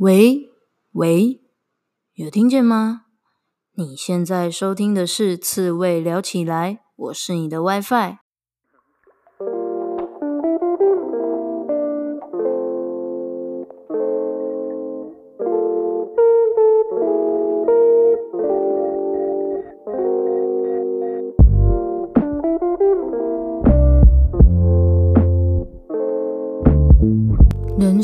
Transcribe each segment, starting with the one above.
喂喂，有聽見嗎？你現在收聽的是《刺蝟聊起來》，我是你的 WiFi。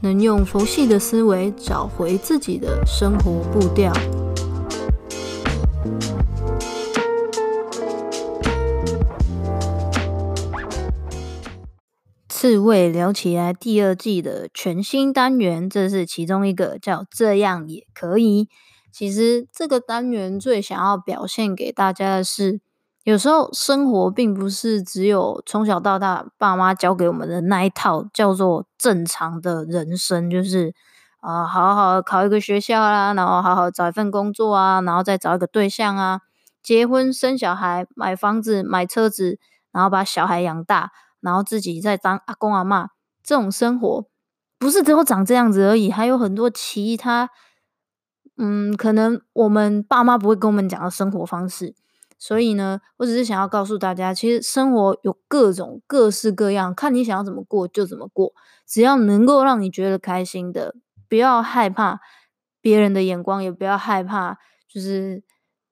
能用佛系的思維找回自己的生活步調。刺蝟聊起來第二季的全新單元，這是其中一個叫“這樣也可以”。其實這個單元最想要表現給大家的是。有時候生活並不是只有從小到大爸媽教給我們的那一套叫做正常的人生，就是啊，呃、好，好好考一個學校啦，啊，然後好好找一份工作啊，然後再找一個對象啊，結婚生小孩，買房子買車子，然後把小孩養大，然後自己再當阿公阿嬤。這種生活不是只有長這樣子而已，還有很多其他，嗯，可能我們爸媽不會跟我們講的生活方式。所以呢，我只是想要告訴大家，其實生活有各種各式各樣，看你想要怎麼過就怎麼過，只要能夠讓你覺得開心的，不要害怕別人的眼光，也不要害怕就是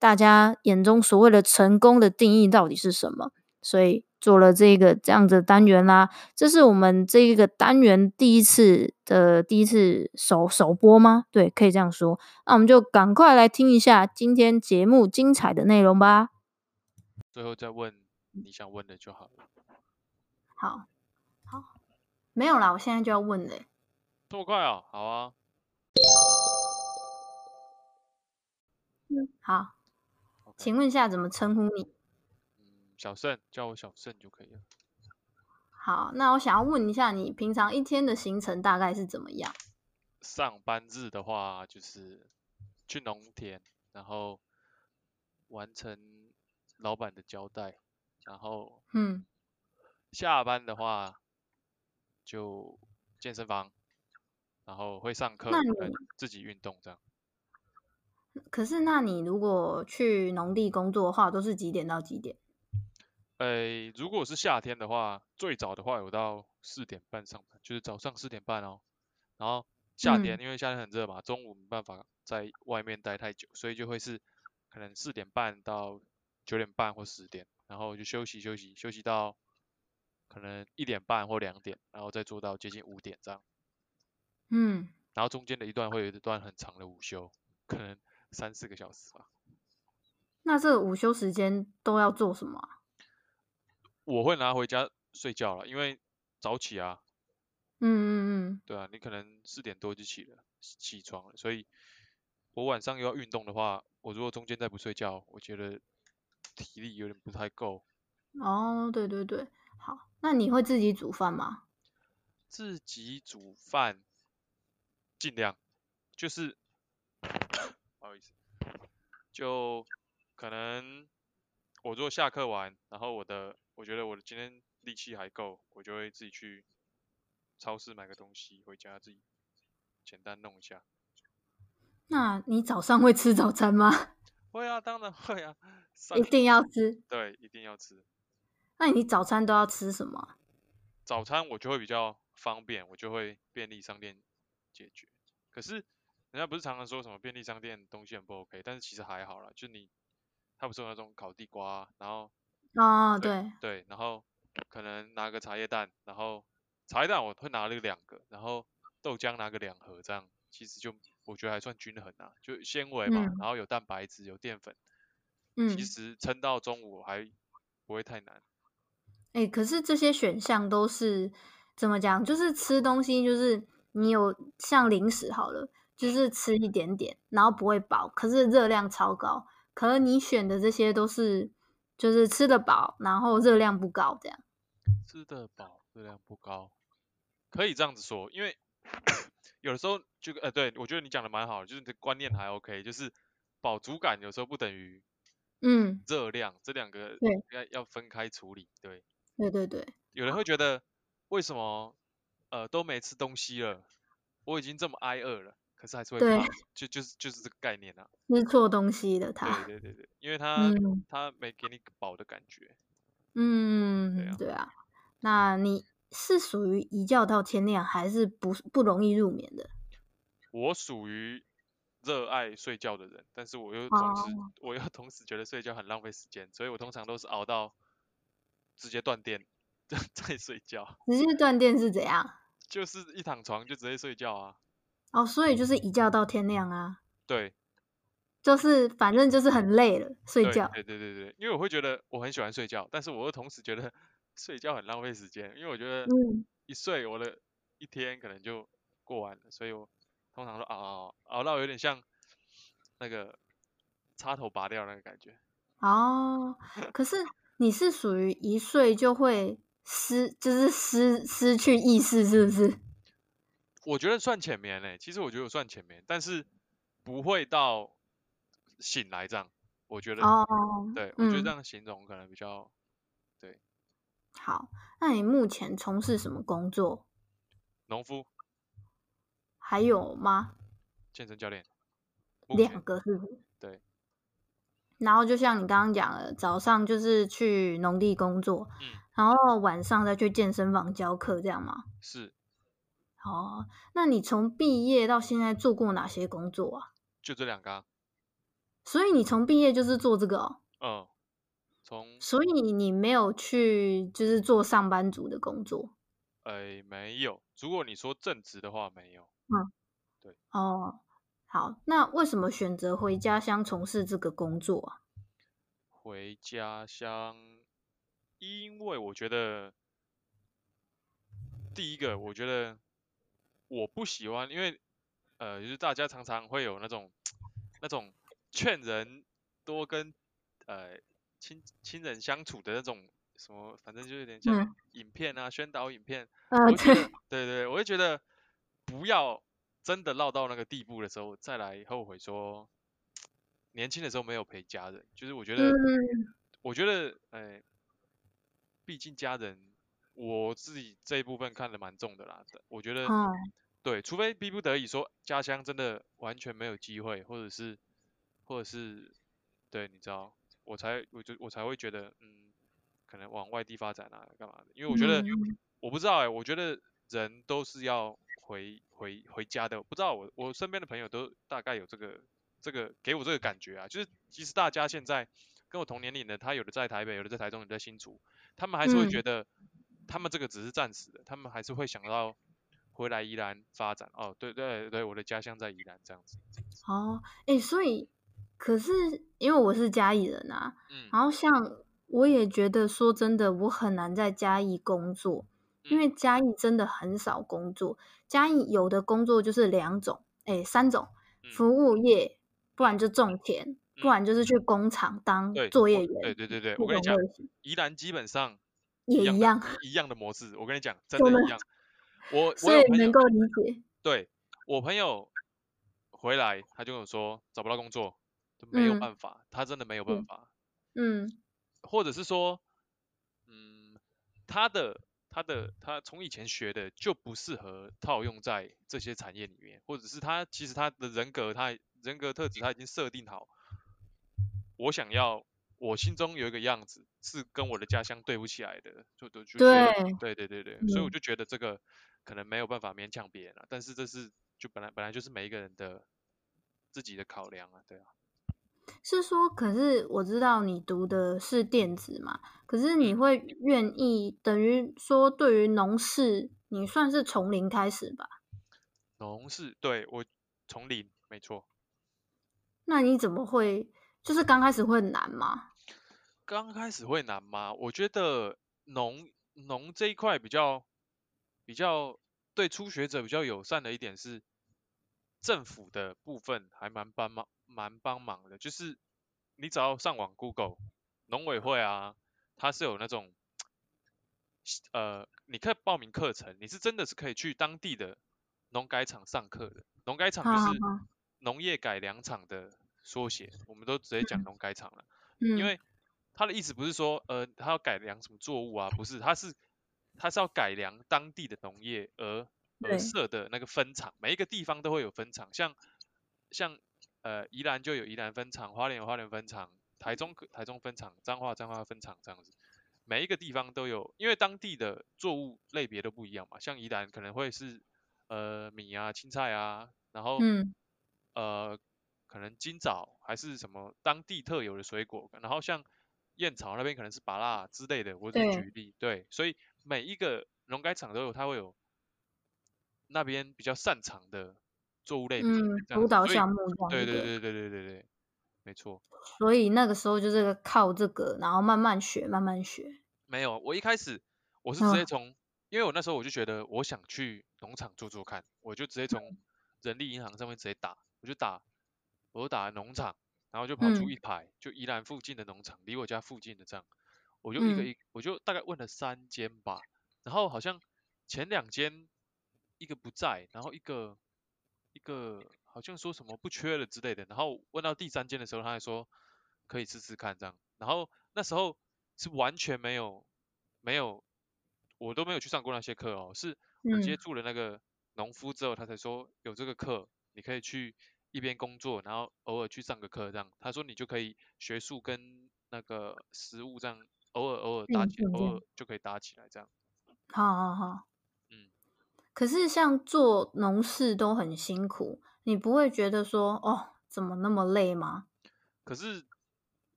大家眼中所謂的成功的定義到底是什麼。所以做了這個這樣子的單元啦，這是我們這一個單元第一次的第一次首首播嗎？對，可以這樣說。那我們就趕快來聽一下今天節目精彩的內容吧。最後再問你想問的就好了。好，好，沒有啦，我現在就要問了欸。這麼快啊？好啊。嗯，好。Okay. 請問一下怎麼稱呼你？嗯，小勝，叫我小勝就可以了。好，那我想要問一下你，你平常一天的行程大概是怎麼樣？上班日的話，就是去農田，然後完成老闆的交代，然後嗯，下班的話就健身房，然後會上課，你自己運動這樣。可是那你如果去農地工作的話，都是幾點到幾點？呃，如果是夏天的話，最早的話有到四點半上班，就是早上四點半哦。然後夏天、嗯、因為夏天很熱嘛，中午沒辦法在外面待太久，所以就會是可能四點半到九點半或十點，然後就休息休息，休息到可能一點半或兩點，然後再做到接近五點這樣。嗯。然後中間的一段會有一段很長的午休，可能三四個小時吧。那這個午休時間都要做什麼啊？我會拿回家睡覺了，因為早起啊。嗯嗯嗯。對啊，你可能四點多就起了，起床了。所以我晚上又要運動的話，我如果中間再不睡覺，我覺得。體力有點不太夠。哦，對對對，好，那你會自己煮飯嗎？自己煮飯，儘量，就是， 不好意思，就可能我如果下課完，然後我的，我覺得我的今天力氣還夠，我就會自己去超市買個東西，回家自己簡單弄一下。那你早上會吃早餐嗎？會啊，當然會啊，一定要吃。對，一定要吃。那你早餐都要吃什麼？早餐我就會比較方便，我就會便利商店解決。可是人家不是常常說什麼便利商店東西很不 OK，但是其實還好啦。就你，他不是有那種烤地瓜，然後啊、哦，對對，然後可能拿個茶葉蛋，然後茶葉蛋我會拿個兩個，然後豆漿拿個兩盒，這樣其實就。我覺得還算均衡啊，就纖維嘛，嗯、然後有蛋白質，有澱粉，其實撐到中午還不會太難。哎、嗯，欸，可是這些選項都是怎麼講？就是吃東西，就是你有像零食好了，就是吃一點點，然後不會飽，可是熱量超高。可是你選的這些都是，就是吃得飽，然後熱量不高，這樣吃得飽，熱量不高，可以這樣子說，因為。 有的時候就呃，對我覺得你講的蠻好的，就是你的觀念還 OK，就是飽足感有時候不等於嗯熱量，嗯、這兩個對要分開處理，對對對對。有人會覺得為什麼呃都沒吃東西了，我已經這麼挨餓了，可是還是會胖對，就就是就是這個概念啊。吃錯東西的他，他對對對對，因為他、嗯、他沒給你飽的感覺，嗯對啊，對啊，那你。是屬於一覺到天亮，還是不不容易入眠的？我屬於熱愛睡覺的人，但是我又總是，哦、我又同時覺得睡覺很浪費時間，所以我通常都是熬到直接斷電再睡覺。直接斷電是怎樣？就是一躺床就直接睡覺啊。哦，所以就是一覺到天亮啊。對，就是反正就是很累了，睡覺。對對對對，因為我會覺得我很喜歡睡覺，但是我又同時覺得。睡覺很浪費時間，因為我覺得一睡我的一天可能就過完了，嗯、所以我通常都熬熬，熬到有點像那個插頭拔掉那個感覺。哦，可是你是屬於一睡就會失， 就是失失去意識是不是？我覺得算淺眠嘞、欸，其實我覺得我算淺眠，但是不會到醒來這樣，我覺得，哦、對，嗯、我覺得這樣的形容可能比較。好，那你目前從事什麼工作？農夫。還有嗎？健身教練。兩個是不是？對。然後就像你剛剛講的，早上就是去農地工作，嗯，然後晚上再去健身房教課，這樣嗎？是。哦，那你從畢業到現在做過哪些工作啊？就這兩個。所以你從畢業就是做這個哦？嗯。從所以你沒有去，就是做上班族的工作。哎、呃，沒有。如果你說正職的話，沒有。嗯，對。哦，好。那為什麼選擇回家鄉從事這個工作啊？回家鄉，因為我覺得，第一個，我覺得我不喜歡，因為呃，就是大家常常會有那種那種勸人多跟呃。親親人相處的那種什麼，反正就有點像、嗯、影片啊，宣導影片。嗯，我覺得，對對對，我會覺得不要真的落到那個地步的時候再來後悔說年輕的時候沒有陪家人。就是我覺得，嗯、我覺得，哎，畢竟家人我自己這一部分看得蠻重的啦。我覺得，嗯、對，除非逼不得已說家鄉真的完全沒有機會，或者是，或者是，對，你知道。我才我就我才會覺得嗯，可能往外地發展啊，幹嘛的？因為我覺得、嗯、我不知道哎、欸，我覺得人都是要回回回家的。我不知道，我我身邊的朋友都大概有這個這個給我這個感覺啊，就是其實大家現在跟我同年齡的，他有的在台北，有的在台中，有的在新竹，他們還是會覺得、嗯、他們這個只是暫時的，他們還是會想到回來宜蘭發展。哦，對對對，對，我的家鄉在宜蘭這樣子。樣子哦，哎，所以。可是因為我是嘉義人啊，然後像我也覺得說真的，我很難在嘉義工作，因為嘉義真的很少工作。嘉義有的工作就是兩種，哎，三種，服務業，不然就種田，不然就是去工廠當作業員。對對對對，我跟你講，宜蘭基本上也一樣一樣的模式。我跟你講，真的一樣。我所以能夠理解。對，我朋友回來，他就跟我說找不到工作。沒有辦法，嗯、他真的沒有辦法。嗯，嗯或者是說，嗯，他的他的他從以前學的就不適合套用在這些產業裡面，或者是他其實他的人格他人格特質他已經設定好，嗯、我想要我心中有一個樣子是跟我的家鄉對不起來的，就就就，就對對對對對，嗯、所以我就覺得這個可能沒有辦法勉強別人了，但是這是就本來本來就是每一個人的自己的考量啊，對啊。是說，可是我知道你讀的是電子嘛，可是你會願意等於說，對於農事，你算是從零開始吧？農事對我從零沒錯。那你怎麼會，就是剛開始會難嗎？剛開始會難嗎？我覺得農農這一塊比較比較對初學者比較友善的一點是，政府的部分還蠻幫嗎？蠻幫忙的，就是你只要上網 Google 農委會啊，它是有那種呃，你可以報名課程，你是真的是可以去當地的農改場上課的。農改場就是農業改良場的縮寫，好好好，我們都直接講農改場了。嗯、因為他的意思不是說呃，他要改良什麼作物啊，不是，他是他是要改良當地的農業而而設的那個分場，對每一個地方都會有分場，像像。呃，宜蘭就有宜蘭分場，花蓮有花蓮分場，台中可台中分場，彰化彰化分場這樣子，每一個地方都有，因為當地的作物類別都不一樣嘛，像宜蘭可能會是呃米啊、青菜啊，然後、嗯、呃，可能金棗還是什麼當地特有的水果，然後像燕巢那邊可能是芭樂之類的，我只舉例，對，對，所以每一個農改場都有，它會有那邊比較擅長的。作物類，嗯，輔導項目，對對對對對對對，對，沒錯。所以那個時候就是靠這個，然後慢慢學，慢慢學。沒有，我一開始我是直接從，因為我那時候我就覺得我想去農場做做看，我就直接從人力銀行上面直接打，我就打，我就打農場，然後就跑出一排，就宜蘭附近的農場，離我家附近的這樣，我就一個一，我就大概問了三間吧，然後好像前兩間一個不在，然後一個。一個好像說什麼不缺了之類的，然後問到第三間的時候，他還說可以試試看這樣。然後那時候是完全沒有沒有，我都沒有去上過那些課哦，是我接觸了那個農夫之後，他才說有這個課，你可以去一邊工作，然後偶爾去上個課這樣。他說你就可以學術跟那個實務這樣偶爾偶爾搭起，嗯嗯嗯、偶爾就可以搭起來這樣。好，好，好，好，好。可是，像做農事都很辛苦，你不會覺得說，哦，怎麼那麼累嗎？可是，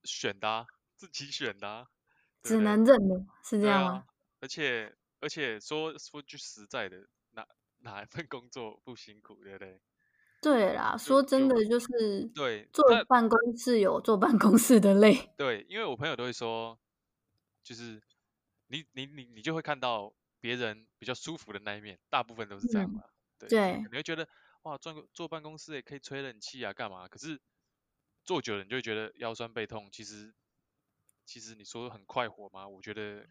選的、啊、自己選的、啊，只能認的對不對、嗯、是這樣嗎？而且，而且說說句實在的，哪哪一份工作不辛苦對不對？對啦，對，說真的，就是就對坐辦公室有坐辦公室的累。對，因為我朋友都會說，就是你你你你就會看到。別人比較舒服的那一面，大部分都是這樣嘛。嗯、對，對，你會覺得哇，坐坐辦公室也可以吹冷氣啊，幹嘛？可是坐久了，你就會覺得腰酸背痛。其實，其實你說說很快活嗎？我覺得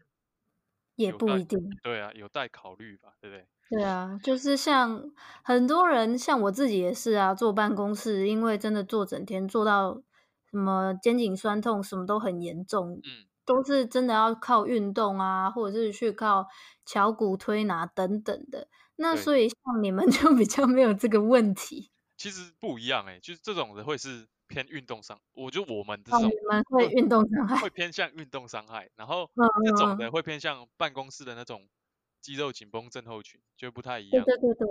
也不一定。對啊，有待考慮吧，對不對？對啊，就是像很多人，像我自己也是啊，坐辦公室，因為真的坐整天，坐到什麼肩頸酸痛，什麼都很嚴重。嗯。都是真的要靠運動啊，或者是去靠喬骨推拿等等的。那所以像你們就比較沒有這個問題。其實不一樣哎、欸，就是這種的會是偏運動傷，我覺得我們的種，你們會運動傷害，會偏向運動傷害，然後這種的會偏向辦公室的那種肌肉緊繃症候群，就不太一樣。對，對對對，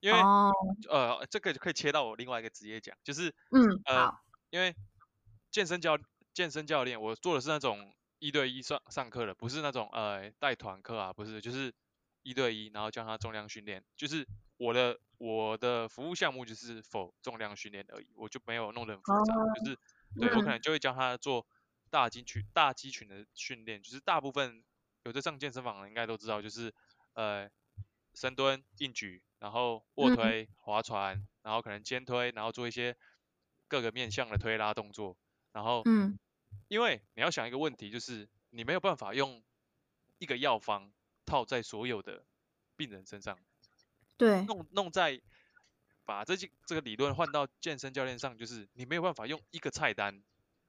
因為、哦、呃，這個可以切到我另外一個職業講，就是嗯呃，好因為健身教健身教練，我做的是那種。一對一上上課的，不是那種呃帶團課啊，不是，就是一對一，然後教他重量訓練，就是我的我的服務項目就是負重量訓練而已，我就沒有弄得很複雜，哦、就是對、嗯、我可能就會教他做大肌群大肌群的訓練，就是大部分有的上健身房的應該都知道，就是呃深蹲、硬舉，然後臥推、嗯、划船，然後可能肩推，然後做一些各個面向的推拉動作，然後嗯。因為你要想一個問題，就是你沒有辦法用一個藥方套在所有的病人身上。對。弄弄在把這些這個理論換到健身教練上，就是你沒有辦法用一個菜單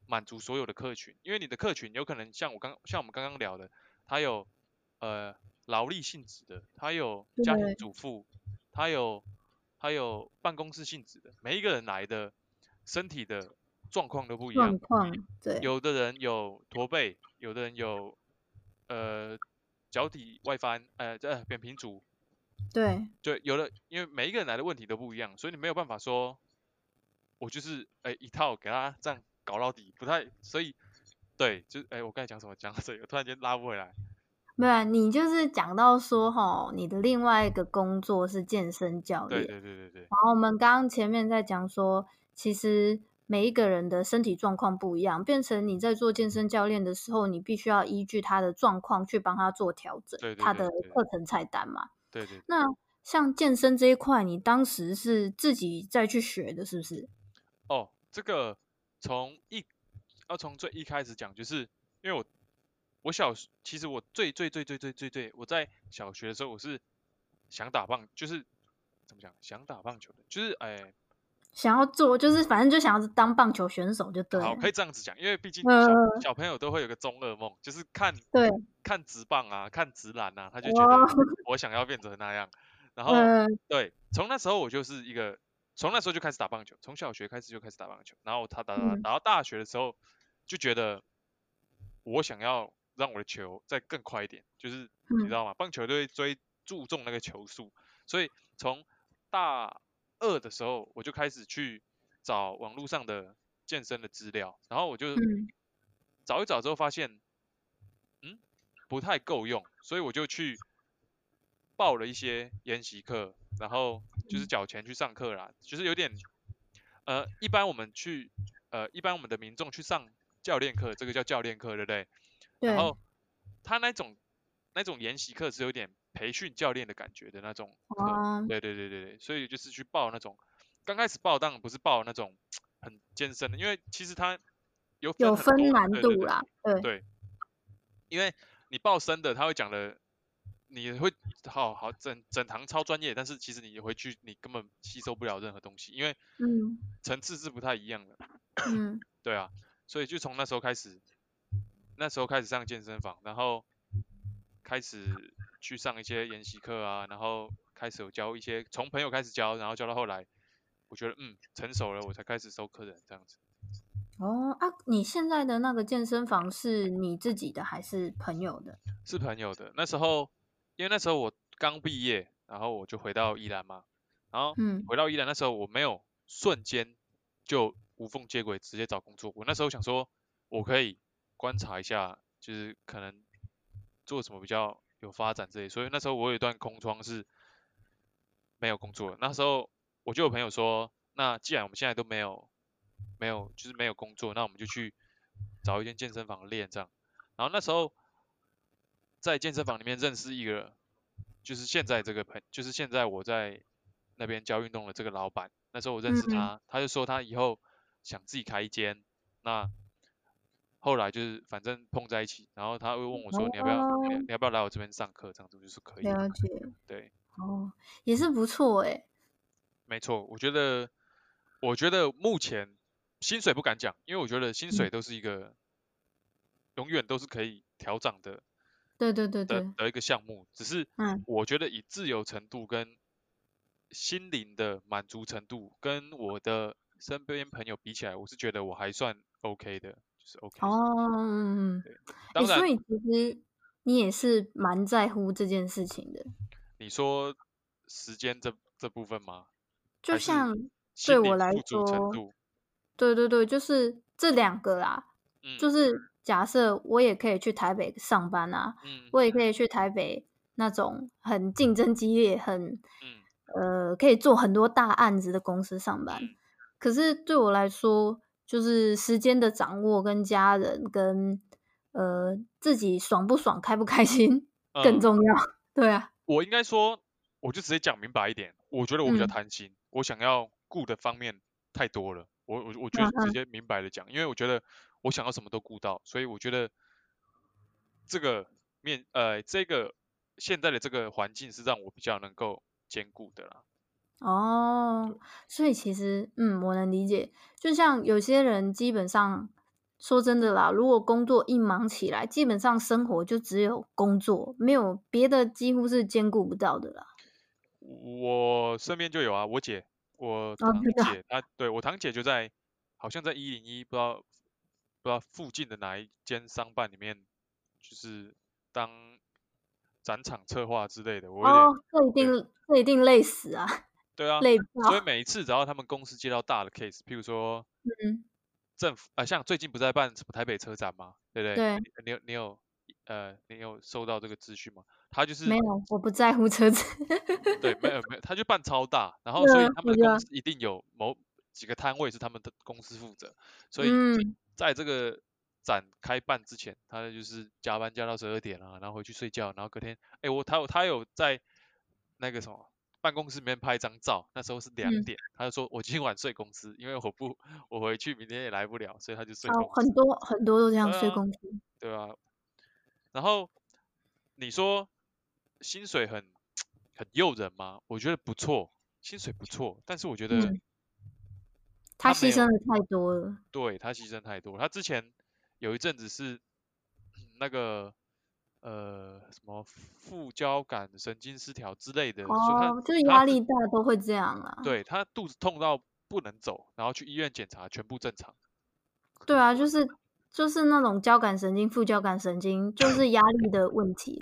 滿足所有的客群，因為你的客群有可能像我剛像我們剛剛聊的，他有呃勞力性質的，他有家庭主婦，他對有他有辦公室性質的，每一個人來的身體的。狀況都不一樣，狀況對，有的人有駝背，有的人有，呃，腳底外翻，呃，這扁平足，對，對，有的，因為每一個人來的問題都不一樣，所以你沒有辦法說，我就是、欸、一套給他這樣搞到底不太，所以，對，就哎、欸、我剛才講什麼講到這裡，我突然間拉不回來，沒有、啊，你就是講到說吼，你的另外一個工作是健身教練。對，對對對對對，然後我們剛前面在講說，其實。每一個人的身體狀況不一樣，變成你在做健身教練的時候，你必須要依據他的狀況去幫他做調整，對對對對，他的課程菜單嘛。對,對對。那像健身這一塊，你當時是自己再去學的，是不是？哦，這個從一要從最一開始講，就是因為我我小，其實我最,最最最最最最最，我在小學的時候我是想打棒，就是怎麼講，想打棒球的，就是哎。呃想要做就是反正就想要當棒球選手就對了。好，可以這樣子講，因為畢竟小、呃、小朋友都會有個中二夢，就是看對看職棒啊，看職籃啊，他就覺得哇我想要變成那樣。然後、呃、對，從那時候我就是一個，從那時候就開始打棒球，從小學開始就開始打棒球，然後他打到他、嗯、打到大學的時候就覺得我想要讓我的球再更快一點，就是、嗯、你知道嗎？棒球隊最注重那個球速，所以從大。餓的時候，我就開始去找網絡上的健身的資料，然後我就找一找之後發現，嗯，嗯，不太夠用，所以我就去報了一些研習課，然後就是繳錢去上課啦。就是有點，呃，一般我們去，呃，一般我們的民眾去上教練課，這個叫教練課，對不對？對。然後他那種。那種研習課是有點培訓教練的感覺的那種課。對對對對對、對，所以就是去報那種，剛開始報當然不是報那種很艱深的，因為其實它有分難度啦，對，因為你報深的他會講的，你會好好整整堂超專業，但是其實你回去你根本吸收不了任何東西，因為層次是不太一樣的，嗯， 對啊，所以就從那時候開始，那時候開始上健身房，然後。開始去上一些研習課啊，然後開始有教一些，從朋友開始教，然後教到後來，我覺得嗯成熟，了，我才開始收客人這樣子。哦，啊，你現在的那個健身房是你自己的還是朋友的？是朋友的。那時候因為那時候我剛畢業，然後我就回到宜蘭嘛，然後回到宜蘭、嗯、那時候我沒有瞬間就無縫接軌直接找工作，我那時候想說我可以觀察一下，就是可能。做什麼比較有發展之類，所以那時候我有一段空窗是沒有工作。那時候我就有朋友說，那既然我們現在都沒有沒有就是沒有工作，那我們就去找一間健身房練這樣。然後那時候在健身房裡面認識一個，就是現在這個朋，就是現在我在那邊教運動的這個老闆，那時候我認識他，他就說他以後想自己開一間，那。後來就是反正碰在一起，然後他會問我說：“你要不要，哦、你要不要來我這邊上課？”這樣子就是可以了，了解，對，哦，也是不錯哎、欸。沒錯，我覺得，我覺得目前薪水不敢講，因為我覺得薪水都是一個永遠都是可以調整的、嗯。對對對對的。的一個項目，只是我覺得以自由程度跟心靈的滿足程度，嗯、跟我的身邊朋友比起來，我是覺得我還算 OK 的。Okay, 哦、嗯、欸，所以其實你也是蠻在乎這件事情的。你說時間這這部分嗎？就像對我來說，對對對，就是這兩個啦、啊。嗯、就是假設我也可以去台北上班啊，嗯、我也可以去台北那種很競爭激烈、很、嗯、呃可以做很多大案子的公司上班，嗯、可是對我來說，就是時間的掌握跟家人跟呃自己爽不爽開不開心更重要，呃、對啊。我應該說，我就直接講明白一點，我覺得我比較貪心，嗯、我想要顧的方面太多了。我我我就直接明白的講，嗯、哼因為我覺得我想要什麼都顧到，所以我覺得這個面呃這個現在的這個環境是讓我比較能夠兼顧的啦。哦，所以其實，嗯，我能理解。就像有些人，基本上說真的啦，如果工作一忙起來，基本上生活就只有工作，沒有別的，幾乎是兼顧不到的啦。我身邊就有啊，我姐，我堂姐，哦、對啊對我堂姐就在，好像在一零一，不知道不知道附近的哪一間商辦裡面，就是當展場策劃之類的。我有點哦，這一定，對這一定累死啊！對啊，所以每一次只要他們公司接到大的 case，譬如說，嗯，政府啊，像最近不在辦什麼台北車展嗎？對不對？對，你你有,你有呃，你有收到這個資訊嗎？他就是沒有，我不在乎車子。 對，沒有沒有，他就辦超大，然後所以他們公司一定有某幾個攤位是他們的公司負責，所以在這個展開辦之前，他就是加班加到十二點了、啊，然後回去睡覺，然後隔天，哎、欸，我他有他有在那個什麼。辦公室裡面拍一張照，那時候是兩點，嗯、他就說：“我今晚睡公司，因為我不，我回去明天也來不了，所以他就睡公司哦，很多很多都這樣睡公司、嗯啊，對啊。然後你說薪水很很誘人嗎？我覺得不錯，薪水不錯，但是我覺得他犧、嗯、牲的太多了。對他犧牲太多了。他之前有一陣子是、嗯、那個。呃，什麼副交感神經失調之類的，哦，就是壓力大都會這樣啦。他對他肚子痛到不能走，然後去醫院檢查，全部正常。對啊，就是就是那種交感神經、副交感神經，就是壓力的問題。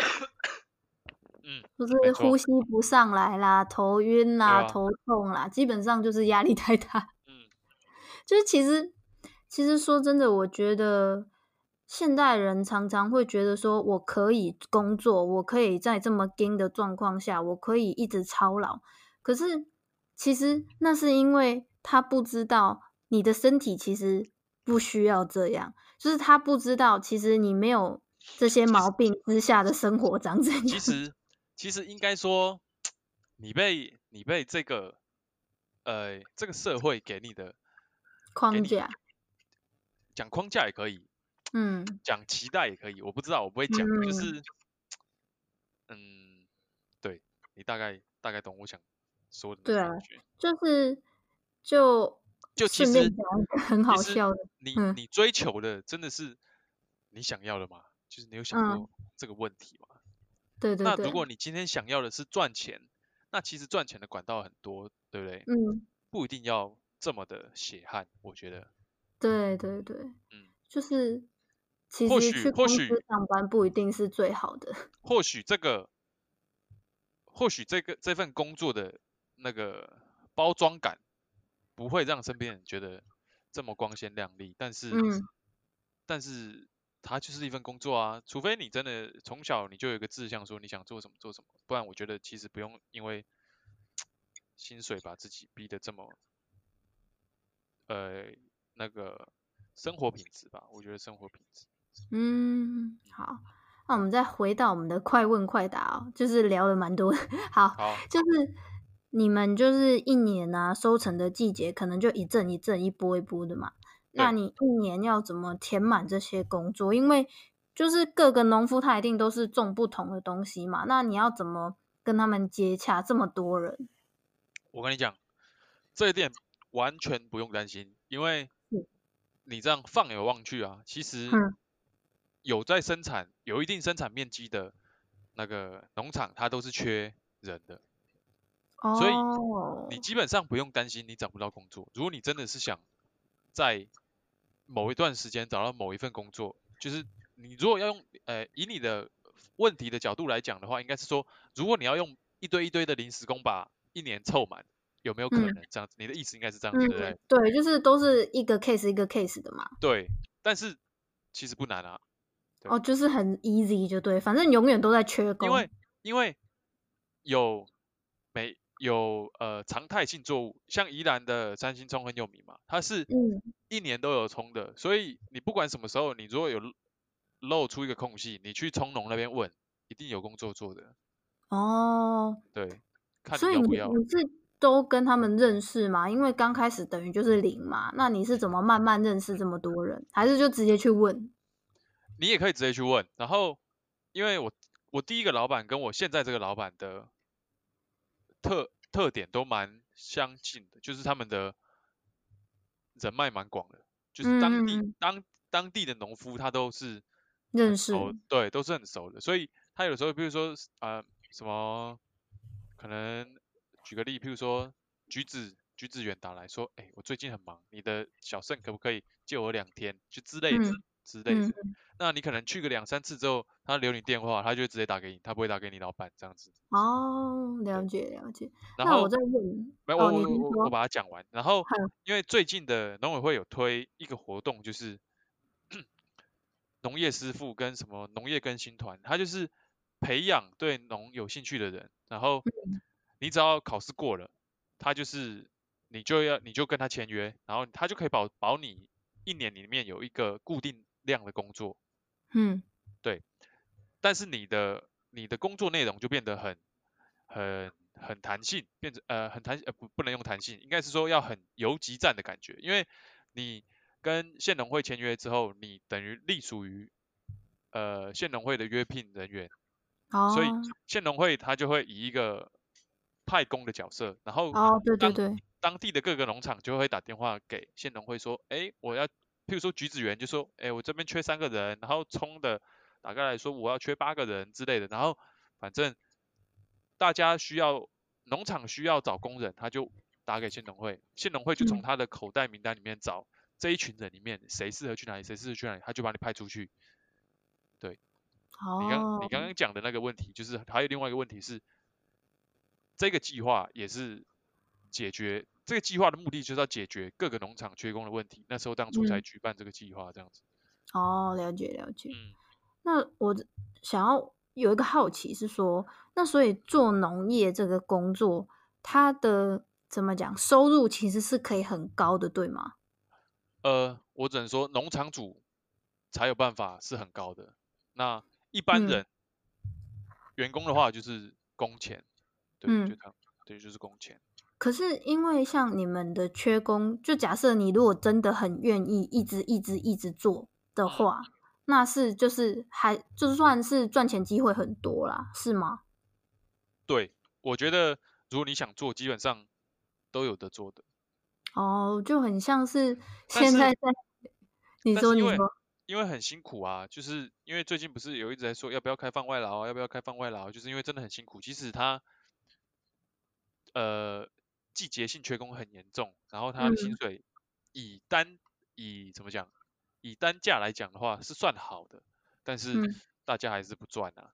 嗯，就是呼吸不上來啦，嗯、頭暈啦、啊，啊、頭痛啦，基本上就是壓力太大。嗯，就是其實其實說真的，我覺得。現代人常常會覺得說，我可以工作，我可以在這麼精的狀況下，我可以一直操勞。可是，其實那是因為他不知道你的身體其實不需要這樣，就是他不知道，其實你沒有這些毛病之下的生活長怎樣。其實，其實應該說，你被你被這個，呃，這個社會給你的框架，講框架也可以。嗯，講期待也可以，我不知道，我不會講，嗯、就是，嗯，對，你大概大概懂我想說的感覺。對啊，就是就就其實很好笑的。你、嗯、你追求的真的是你想要的嗎？嗯、就是你有想過這個問題嗎？對對對。那如果你今天想要的是賺錢，那其實賺錢的管道很多，對不對？嗯。不一定要這麼的血汗，我覺得。對對對。嗯，就是。其實或許上班不一定是最好的或許。或許這個，或許這個這份工作的那個包裝感不會讓身邊人覺得這麼光鮮亮麗，但是，嗯、但是它就是一份工作啊。除非你真的從小你就有一個志向，說你想做什麼做什麼，不然我覺得其實不用因為薪水把自己逼得這麼，呃，那個生活品質吧，我覺得生活品質。嗯，好，那我們再回到我們的快問快答哦，就是聊了蠻多的。好，好，就是你們就是一年啊，收成的季節可能就一陣一陣、一波一波的嘛。對那你一年要怎麼填滿這些工作？因為就是各個農夫他一定都是種不同的東西嘛。那你要怎麼跟他們接洽這麼多人？我跟你講，這一點完全不用擔心，因為你這樣放眼望去啊，其實、嗯。有在生產，有一定生產面積的那個農場，它都是缺人的，oh. 所以你基本上不用擔心你找不到工作。如果你真的是想在某一段時間找到某一份工作，就是你如果要用呃以你的問題的角度來講的話，應該是說，如果你要用一堆一堆的臨時工把一年湊滿，有沒有可能、嗯、這樣子？你的意思應該是這樣子，嗯、對不對？對，就是都是一個 case 一個 case 的嘛。對，但是其實不難啊。對哦，就是很 easy 就對，反正永遠都在缺工。因為因為有沒有呃常態性作物，像宜蘭的三星蔥很有名嘛，它是一年都有蔥的，嗯、所以你不管什麼時候，你如果有露出一個空隙，你去蔥農那邊問，一定有工作做的。哦，對，看你要不要。所以你你是都跟他們認識嗎？因為剛開始等於就是零嘛，那你是怎麼慢慢認識這麼多人，還是就直接去問？你也可以直接去問，然後因為我我第一個老闆跟我現在這個老闆的特特點都蠻相近的，就是他們的人脈蠻廣的，就是當地、嗯、當當地的農夫他都是認識、哦，對，都是很熟的，所以他有的時候，比如說啊、呃、什麼，可能舉個例，譬如說橘子橘子園打來說，哎，我最近很忙，你的小勝可不可以借我兩天，就之類的。嗯之類的，那你可能去個兩三次之後，他留你電話，他就直接打給你，他不會打給你老板這樣子。哦，了解了解。然後我再問你，沒我、哦、我我把它講完。然後、嗯、因為最近的農委會有推一個活動，就是農 業師傅跟什麼農業更新團，他就是培養對農有興趣的人。然後、嗯、你只要考試過了，他就是你就要你就跟他簽約，然後他就可以保保你一年裡面有一個固定。量的工作，嗯，對，但是你的你的工作內容就變得很很很彈性，變成呃很彈性呃不不能用彈性，應該是說要很游擊戰的感覺，因為你跟縣農會簽約之後，你等於隸屬於呃縣農會的約聘人員，哦、所以縣農會他就會以一個派工的角色，然後當、哦、對對對當，當地的各個農場就會打電話給縣農會說，誒，我要。譬如說橘子園就說，哎，我這邊缺三個人，然後沖的，大概來說我要缺八個人之類的，然後反正大家需要農場需要找工人，他就打給新農會，新農會就從他的口袋名單裡面找這一群人裡面誰適合去哪裡，誰適合去哪裡，他就把你派出去。對。你剛、oh. 你剛剛講的那個問題，就是還有另外一個問題是，這個計劃也是解決。這個計劃的目的就是要解決各個農場缺工的問題。那時候當初才舉辦這個計劃，嗯、這樣子。哦，了解了解。嗯，那我想要有一個好奇是說，那所以做農業這個工作，它的怎麼講收入其實是可以很高的，對嗎？呃，我只能說農場主才有辦法是很高的。那一般人、嗯、員工的話就是工錢，對，嗯、就他，對，就是工錢。可是因為像你們的缺工，就假設你如果真的很願意一直一直一直做的話，那是就是還，就算是賺錢機會很多啦，是嗎？對，我覺得如果你想做，基本上都有的做的。哦，就很像是現在在是你說你說，因為很辛苦啊，就是因為最近不是有一直在說要不要開放外勞，要不要開放外勞，就是因為真的很辛苦，即使他，呃。季節性缺工很嚴重，然後他的薪水以單、嗯、以怎麼講，以單價來講的話是算好的，但是大家還是不賺啊。嗯、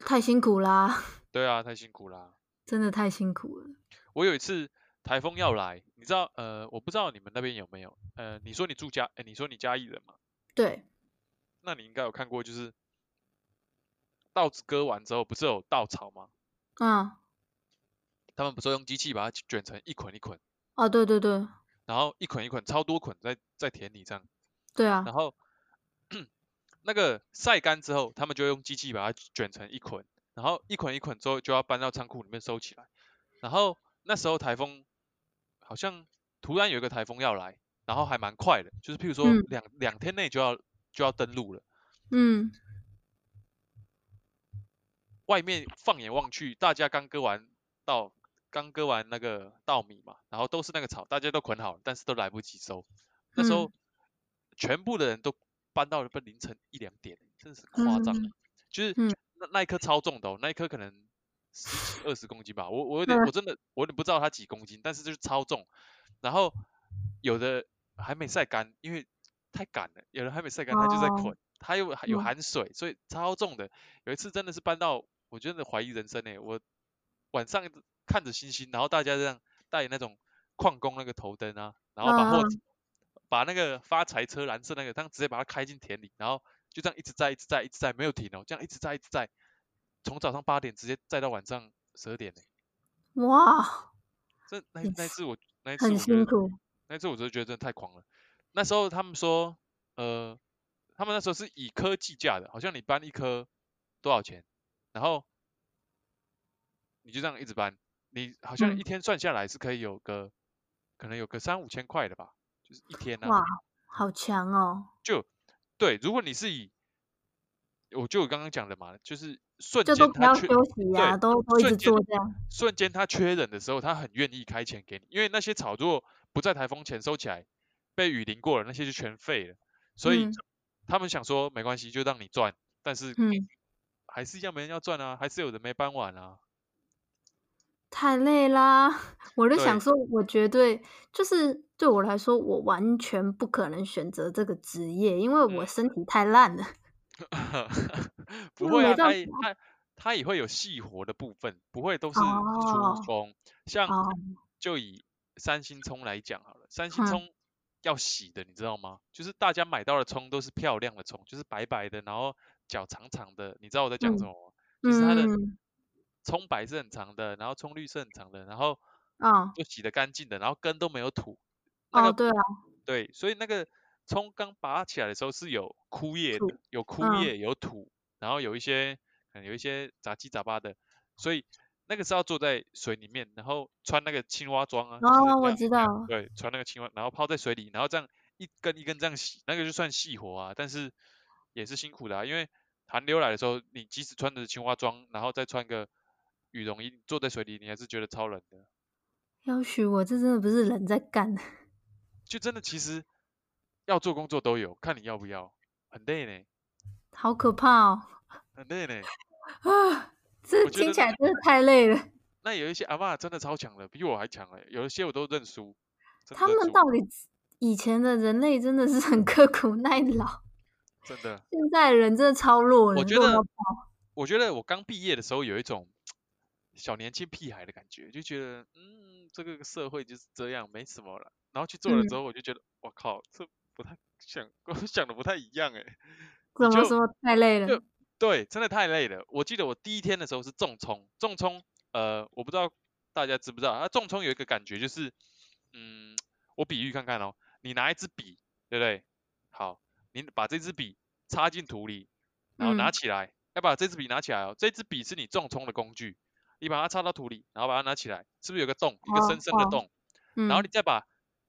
太辛苦啦、啊。對啊，太辛苦啦、啊。真的太辛苦了。我有一次颱風要來，你知道，呃，我不知道你們那邊有沒有，呃，你說你住嘉，哎，你說你嘉義人嘛？對。那你應該有看過，就是稻子割完之後不是有稻草嗎？啊。他們不是用機器，把它捲成一捆一捆，啊、哦，對對對，然後一捆一捆超多捆在在田裡這樣，對啊，然後那個曬乾之後，他們就用機器把它捲成一捆，然後一捆一捆之後就要搬到倉庫裡面收起來，然後那時候台風好像突然有一個台風要來，然後還蠻快的，就是譬如說兩、嗯、兩天內就要就要登陸了，嗯，外面放眼望去，大家剛割完稻。剛割完那個稻米嘛，然後都是那個草，大家都捆好了，但是都來不及收。那時候、嗯、全部的人都搬到了凌晨一兩點，真是誇張的。嗯、就是、嗯、那，那一顆超重的、哦，那一顆可能十幾二十公斤吧，我我有點、嗯、我真的我有點不知道它幾公斤，但是就是超重。然後有的還沒曬乾，因為太趕了，有人還沒曬乾，他就在捆，哦、他又有含水，所以超重的。有一次真的是搬到，我覺得懷疑人生哎、欸，我晚上。看着星星，然後大家這樣戴那種礦工那個頭燈啊，然後把貨，嗯、把那個發財車藍色那個，他們直接把它開進田裡，然後就這樣一直在一直在一直在沒有停哦，這樣一直在一直在，從早上八點直接載到晚上十二點、欸、哇，這那那一次我是那一次我很辛苦，那一次我就覺得真的太狂了。那時候他們說，呃，他們那時候是以顆計價的，好像你搬一顆多少錢，然後你就這樣一直搬。你好像一天算下來是可以有個，嗯、可能有個三五千塊的吧，就是一天呢。哇，好強哦！就對，如果你是以，我就我剛剛講的嘛，就是瞬間不要休息呀、啊對，都可以做這樣。瞬間他缺人的時候，他很願意開錢給你，因為那些草如果不在颱風前收起來，被雨淋過了，那些就全廢了。所以、嗯、他們想說沒關係，就讓你賺。但是、嗯、還是一樣沒人要賺啊，還是有人沒搬完啊。太累啦！我就想說我覺得，我絕對就是對我來說，我完全不可能選擇這個職業，因為我身體太爛了。嗯、 不會啊， 它也它它也會有細活的部分，不會都是粗蔥。哦、像、哦、就以三星蔥來講好了，三星蔥要洗的。哈你知道嗎？就是大家買到的蔥都是漂亮的蔥，就是白白的，然後腳長長的。你知道我在講什麼嗎？嗯、就是它的。嗯蔥白是很長的，然後蔥綠是很長的，然後嗯，就洗得乾淨的，哦、然後根都沒有土。啊，對啊。對，所以那個蔥剛拔起來的時候是有枯葉的，嗯、有枯葉，有土，然後有一些、嗯、有一些雜七雜八的，所以那個是要坐在水裡面，然後穿那個青蛙裝啊。哦，我知道。對，穿那個青蛙，然後泡在水裡，然後這樣一根一根這樣洗，那個就算細活啊，但是也是辛苦的啊，因為寒流來的時候，你即使穿的是青蛙裝，然後再穿個。羽絨衣，坐在水裡，你還是覺得超冷的。要是我，這真的不是人在幹。就真的，其實要做工作都有，看你要不要，很累呢。好可怕哦！很累呢。啊， 這聽起來真的太累了。那有一些阿嬤真的超強的，比我還強哎。有一些我都認輸。輸他們到底以前的人類真的是很刻苦耐勞，真的。現在人真的超弱，我覺得。我覺得我剛畢業的時候有一種。小年輕屁孩的感覺，就覺得嗯，這個社會就是這樣，沒什麼了。然後去做了之後，嗯、我就覺得，我靠，這不太想，我想的不太一樣哎、欸。怎麼說就太累了？就對，真的太累了。我記得我第一天的時候是種蔥，種蔥，呃，我不知道大家知不知道啊。種蔥有一個感覺就是，嗯，我比喻看看哦，你拿一支筆，對不對？好，你把這支筆插進土裡，然後拿起來，嗯、要把這支筆拿起來哦。這支筆是你種蔥的工具。你把它插到土裡，然後把它拿起來，是不是有個洞？Oh, 一個深深的洞。然後你再把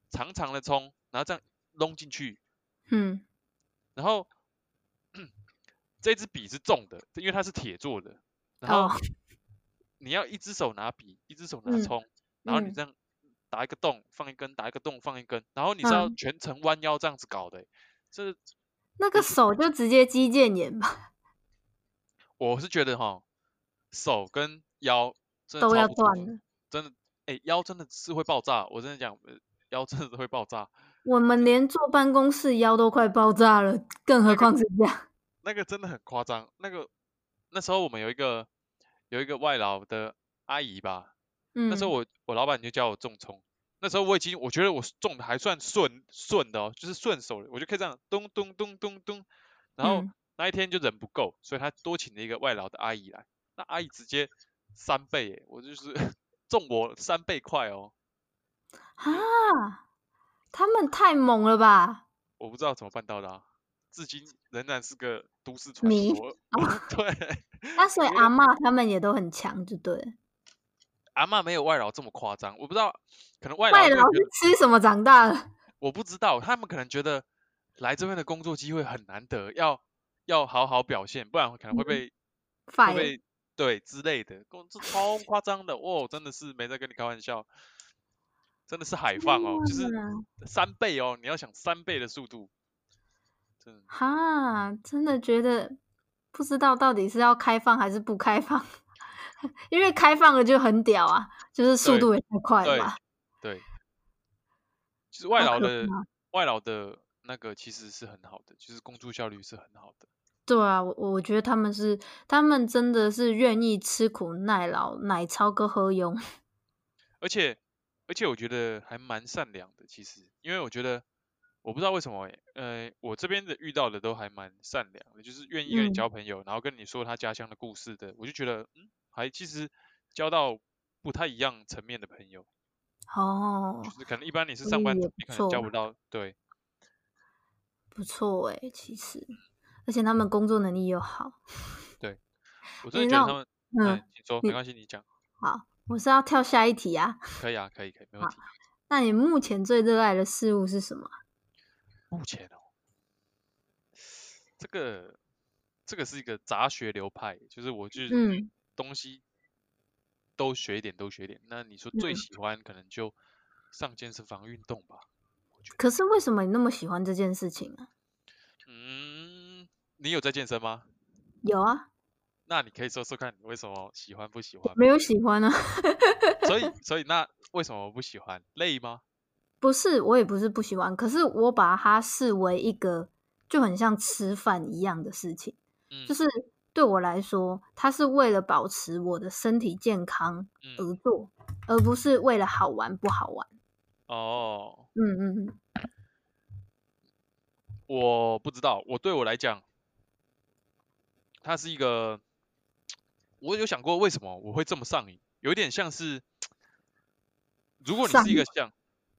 長長的蔥，然後這樣弄進去。嗯。然後這支筆是重的，因為它是鐵做的。然後你要一只手拿筆，一只手拿蔥，然後你這樣打一個洞，放一根，打一個洞，放一根，然後你是要全程彎腰這樣子搞的。Oh. 這那個手就直接肌腱炎吧。Oh. Oh. 我是覺得哈、哦，手跟腰真的都要斷了，真的，哎、欸，腰真的是會爆炸，我真的講，腰真的是會爆炸。我們連坐辦公室腰都快爆炸了，更何況是這樣。那個、那個真的很誇張，那個那時候我們有一個有一個外勞的阿姨吧，嗯、那時候我我老板就叫我種蔥，那時候我已經我覺得我種的還算順順的哦，就是順手，我就可以這樣咚咚咚咚咚咚咚。然後那一天就人不夠，所以他多請了一個外勞的阿姨來，那阿姨直接三倍，我就是種我三倍快哦！啊，他們太猛了吧！我不知道怎麼辦到的，啊，至今仍然是個都市傳說迷。對，那、啊、所以阿嬤他們也都很強，對不對？阿嬤沒有外勞這麼誇張，我不知道，可能外勞是吃什麼長大我不知道，他們可能覺得來這邊的工作機會很難得，要要好好表現，不然可能會被反、嗯、被。對之類的，工作超誇張的哦，真的是沒在跟你開玩笑，真的是海放哦，啊、就是三倍哦，你要想三倍的速度，哈，真的覺得不知道到底是要開放還是不開放， 因為開放了就很屌啊，就是速度也太快了嘛，對對，對，就是外勞的外勞的那個其實是很好的，就是工作效率是很好的。對啊，我我覺得他們是，他們真的是願意吃苦耐勞、耐操擱好用。而且而且我覺得還蠻善良的。其實，因為我覺得我不知道為什麼，呃，我這邊的遇到的都還蠻善良的，就是願意跟你交朋友，嗯、然後跟你說他家鄉的故事的，我就覺得嗯，還其實交到不太一樣層面的朋友哦，就是可能一般你是上班族，你可能交不到，對，不錯哎、欸，其實。而且他們工作能力又好，對，我真的覺得他們。欸、我嗯、哎，你說沒關係，嗯、你講。好，我是要跳下一題啊。可以啊，可以，可以。沒問題。好，那你目前最熱愛的事物是什麼？目前哦，這個這個是一個雜學流派，就是我就是東西都學一點，嗯、都學一點。那你說最喜歡可能就上健身房運動吧。可是為什麼你那麼喜歡這件事情啊？你有在健身嗎？有啊，那你可以說說看你為什麼喜歡不喜歡？沒有喜歡啊， 所以所以那為什麼我不喜歡？累嗎？不是，我也不是不喜歡，可是我把它視為一個就很像吃飯一樣的事情，嗯、就是對我來說，它是為了保持我的身體健康而做，嗯、而不是為了好玩不好玩。哦，嗯嗯嗯，我不知道，我對我來講。它是一個，我有想過為什麼我會這麼上癮，有點像是，如果你是一個像，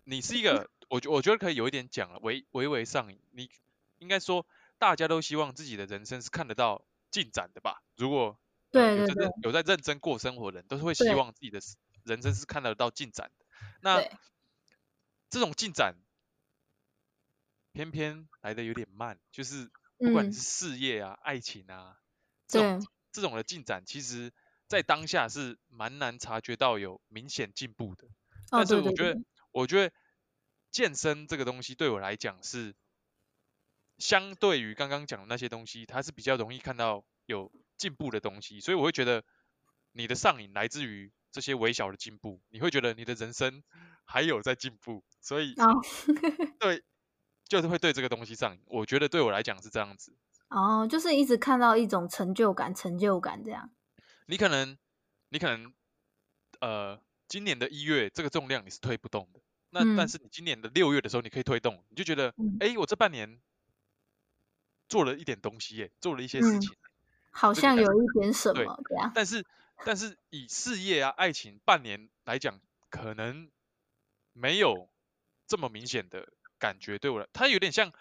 你是一個，我覺我覺得可以有一點講了，微微微上癮。你應該說，大家都希望自己的人生是看得到進展的吧？如果對有在有在認真過生活的人，都是會希望自己的人生是看得到進展的。那這種進展偏偏來的有點慢，就是不管是事業啊、愛情啊。這種對這種的進展，其實，在當下是蠻難察覺到有明顯進步的。哦、對對對。但是我覺得，我覺得健身這個東西對我來講是，相對於剛剛講的那些東西，它是比較容易看到有進步的東西。所以我會覺得，你的上癮來自於這些微小的進步，你會覺得你的人生還有在進步，所以，對，哦、 就是會對這個東西上癮。我覺得對我來講是這樣子。哦，oh, 就是一直看到一種成就感，成就感這樣。你可能，你可能，呃，今年的一月這個重量你是推不動的，那、嗯、但是你今年的六月的時候你可以推動，你就覺得，哎、嗯欸，我這半年做了一點東西耶，做了一些事情，嗯，好像有一點什麼對呀。對啊、但是，但是以事業啊、愛情半年來講，可能沒有這麼明顯的感覺，對我來，它有點像